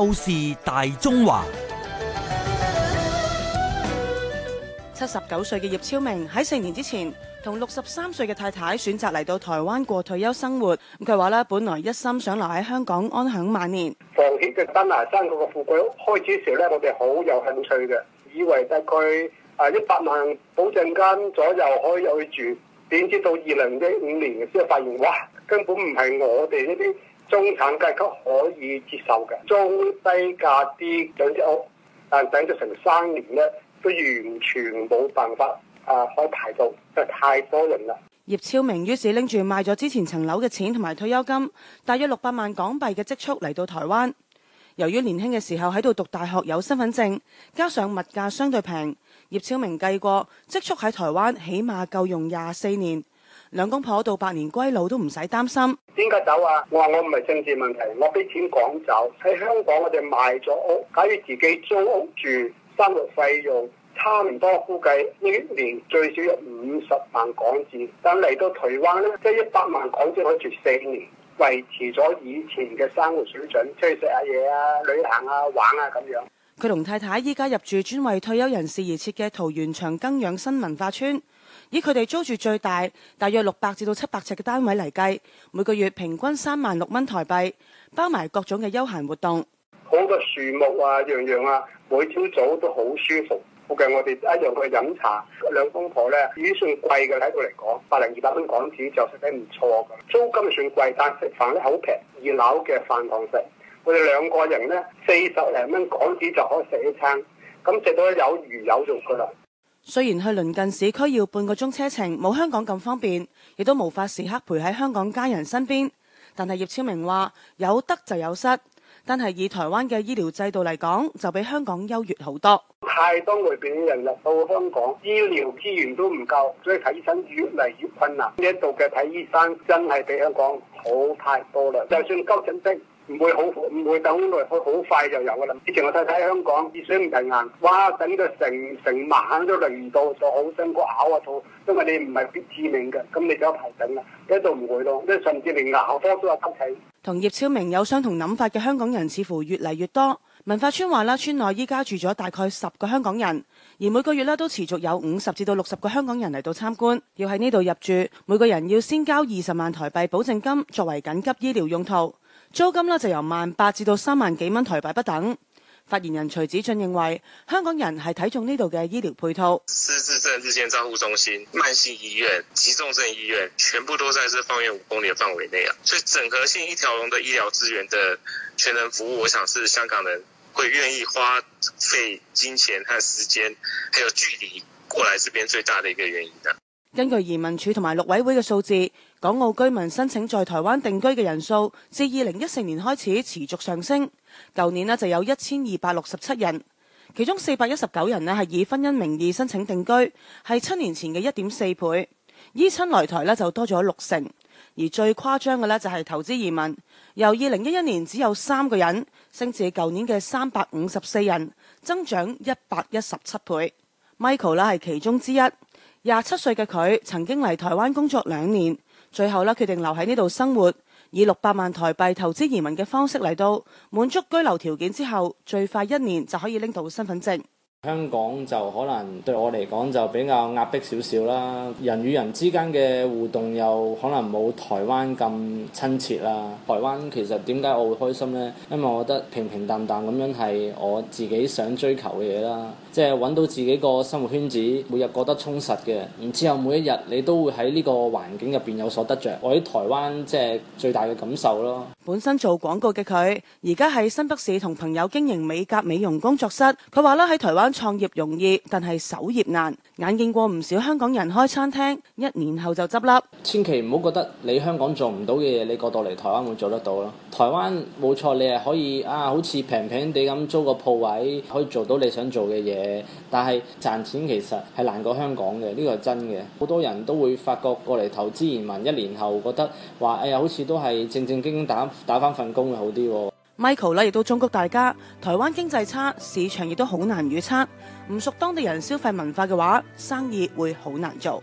透視大中華。七十九歲嘅葉超明喺四年之前同六十三歲嘅太太選擇嚟到台灣過退休生活。咁佢話咧，本來一心想留喺香港安享晚年。房協嘅丹拿山嗰個富貴屋，開始時咧我哋好有興趣嘅，以為大概啊一百萬保證金左右可以去住。點知到二零一五年先發現，哇，根本唔係我哋呢啲。中產階級可以接受嘅中低價啲總之屋，但等咗成三年呢，都完全冇辦法啊開排到，真係太多人啦。葉超明於是拎住賣咗之前層樓嘅錢同埋退休金，大約六百萬港幣嘅積蓄嚟到台灣。由於年輕嘅時候喺度讀大學有身份證，加上物價相對平，葉超明計過積蓄喺台灣起碼夠用廿四年。兩公婆到百年歸老都唔使擔心。點解走啊？我話我唔係政治問題，我俾錢趕走。喺香港我哋賣咗屋，假如自己租屋住，生活費用差唔多估計一年最少有五十萬港紙。但嚟到台灣呢，即係一百萬港紙可以住四年，維持咗以前嘅生活水準，出去食下嘢啊、旅行啊、玩啊咁樣。佢同太太依家入住專為退休人士而設嘅桃園長庚養生文化村。以佢哋租住最大大約六百至到七百尺嘅單位嚟計，每個月平均三萬六蚊台幣，包埋各種嘅休閒活動，好多樹木啊，樣樣啊，每朝早都好舒服。附近我哋一樣去飲茶，兩公婆咧，已經算貴嘅喺度嚟講，百零二百蚊港紙就食得唔錯嘅。租金算貴，但食飯咧好平，二樓嘅飯堂食，我哋兩個人咧四十零蚊港紙就可以食一餐，咁食到有魚有肉噶啦。雖然去鄰近市區要半個鐘車程，冇香港咁方便，亦都無法時刻陪喺香港家人身邊。但係葉超明話：有得就有失，但係以台灣嘅醫療制度嚟講，就比香港優越好多。太多外邊人入到香港，醫療資源都唔夠，所以睇醫生越嚟越困難。呢度嘅睇醫生真係比香港好太多啦，就算急診症。唔會好唔會等耐，去，好快就有㗎啦。之前我睇睇香港熱水唔停硬，哇！等個成成晚都輪唔到，就好辛苦咬啊肚。因為你唔係必致命㗎，咁你就排緊啦。一度唔會咯，即係甚至連牙科都有執起。同葉超明有相同諗法嘅香港人，似乎越嚟越多。文化村話啦，村內依家住咗大概十個香港人，而每個月咧都持續有五十至到六十個香港人嚟到參觀，要喺呢度入住，每個人要先交二十萬台幣保證金作為緊急醫療用途。租金呢就由萬八至到三萬幾蚊台幣不等。發言人徐子俊認為，香港人係睇中呢度嘅醫療配套。事實上，日間照護中心、慢性醫院、急重症醫院，全部都在這方圓五公里嘅範圍內啊！所以整合性一條龍嘅醫療資源嘅全能服務，我想是香港人會願意花費金錢和時間，還有距離過來這邊最大嘅一個原因。根據移民署同埋陸委會嘅數字。港澳居民申請在台灣定居嘅人數，自二零一四年開始持續上升。舊年呢就有一千二百六十七人，其中四百一十九人呢係以婚姻名義申請定居，係七年前嘅一點四倍。依親來台呢就多咗六成，而最誇張嘅呢就係投資移民，由二零一一年只有三個人，升至舊年嘅三百五十四人，增長一百一十七倍。Michael 呢係其中之一，廿七歲嘅佢曾經嚟台灣工作兩年。最後啦，決定留喺呢度生活，以六百萬台幣投資移民嘅方式嚟到，滿足居留條件之後，最快一年就可以拎到身份證。香港就可能對我嚟講就比較壓迫少少啦，人與人之間嘅互動又可能冇台灣咁親切啦。台灣其實點解我會開心呢？因為我覺得平平淡淡咁樣係我自己想追求嘅嘢啦，即係揾到自己個生活圈子，每日過得充實嘅，然之後每一日你都會喺呢個環境入邊有所得着。我喺台灣即係最大嘅感受咯。本身做廣告嘅佢，而家喺新北市同朋友經營美甲美容工作室。佢話咧，喺台灣創業容易，但係守業難。眼見過唔少香港人開餐廳，一年後就執笠。千祈唔好覺得你香港做唔到嘅嘢，你過到嚟台灣會做得到咯。台灣冇錯，你係可以啊，好似平平地咁租個鋪位，可以做到你想做嘅嘢。但係賺錢其實係難過香港嘅，呢個係真嘅。好多人都會發覺過嚟投資移民，一年後覺得話哎呀，好似都係正正經經打。打返份工會好啲。Michael 咧，亦都忠告大家，台灣經濟差，市場亦都好難預測。唔熟當地人消費文化嘅話，生意會好難做。